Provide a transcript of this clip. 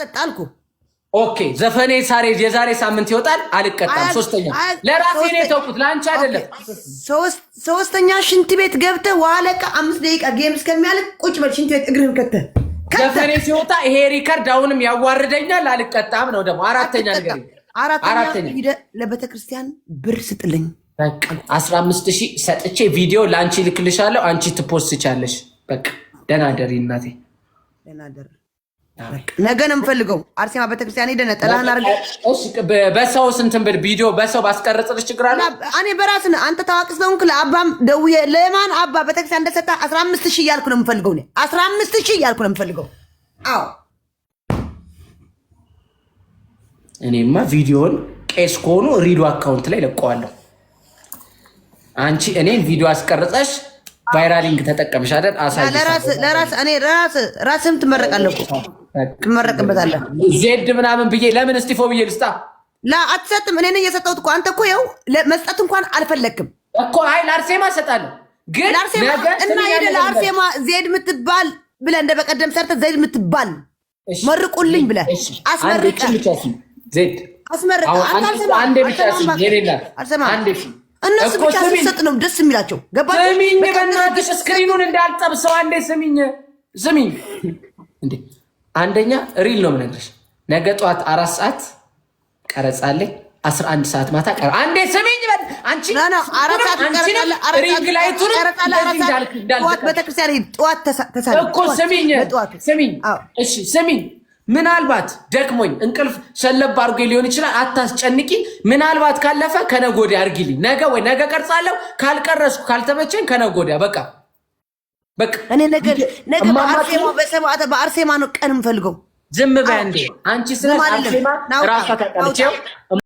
እንዳትቀጠጥ አልኩ። ኦኬ ዘፈኔ ሳሬ የዛሬ ሳምንት ይወጣል። አልቀጣም። ሶስተኛ ለራሴ ነው የተውኩት፣ ለአንቺ አይደለም። ሶስተኛ ሽንት ቤት ገብተ ዋለቀ አምስት ደቂቃ ጌም እስከሚያልቅ ቁጭ በል ሽንት ቤት እግርህን ከተ ዘፈኔ ሲወጣ ይሄ ሪከርድ አሁንም ያዋርደኛል። አልቀጣም ነው ደግሞ አራተኛ ነገር አራተኛ ሂደህ ለቤተክርስቲያን ብር ስጥልኝ። አስራ አምስት ሺህ ሰጥቼ ቪዲዮ ለአንቺ ልክልሻለሁ። አንቺ ትፖስት ቻለሽ። በቃ ደናደሪ እናቴ፣ ደናደር ነገን እንፈልገው አርሴማ ቤተክርስቲያን ሄደን ነጠላህን አድርገህ በሰው ስንትን ብል ቪዲዮ በሰው ባስቀረጽልሽ ችግር አለ? እኔ በራስን አንተ ታዋቂ ስለሆንክ ለአባም ደውዬ ለማን አባ ቤተክርስቲያን እንደሰጠህ አስራ አምስት ሺህ እያልኩ ነው የምፈልገው። እኔ አስራ አምስት ሺህ እያልኩ ነው የምፈልገው። አዎ እኔማ ቪዲዮን ቄስ ከሆኑ ሪዶ አካውንት ላይ ለቀዋለሁ። አንቺ እኔን ቪዲዮ አስቀርጸሽ ቫይራሊንግ ተጠቀምሽ አይደል? አሳይ ለራስ ለራስ እኔ ራስ ራስም ትመረቃለሁ። ትመረቅበታለህ። ዜድ ምናምን ብዬ ለምን እስጢፎ ብዬ ልስጣ? ላ አትሰጥም። እኔ ነኝ የሰጠሁት እኮ አንተ እኮ ይኸው መስጠት እንኳን አልፈለግክም እኮ። አይ ለአርሴማ እሰጣለሁ ግን እና ሄደ ለአርሴማ ዜድ ምትባል ብለ እንደ በቀደም ሰርተ ዜድ ምትባል መርቁልኝ ብለ አስመርቀህ አስመርቀህ እነሱ ብቻ ስትሰጥ ነው ደስ የሚላቸው። ገባህ? ስሚኝ፣ በእናትሽ እስክሪኑን እንዳልጠብሰው አንዴ ስሚኝ፣ ስሚኝ አንደኛ ሪል ነው የምነግርሽ። ነገ ጠዋት አራት ሰዓት ቀረጻ አለኝ። አስራ አንድ ሰዓት ማታ ቀረ። አንዴ በል አንቺ ጠዋት እኮ እሺ ስሚኝ። ምናልባት ደክሞኝ እንቅልፍ ሸለብ አድርጎ ሊሆን ይችላል። አታስጨንቂ። ምናልባት ካለፈ ከነጎዳ አድርጊልኝ። ነገ ወይ ነገ ቀርጻለሁ። ካልቀረስኩ ካልተመቸኝ ከነጎዳ በቃ በቃ እኔ ነገ ነገ በአርሴማ በአርሴማ ነው ቀን የምፈልገው። ዝም በይ እንዴ አንቺ ስለ አርሴማ ራሷ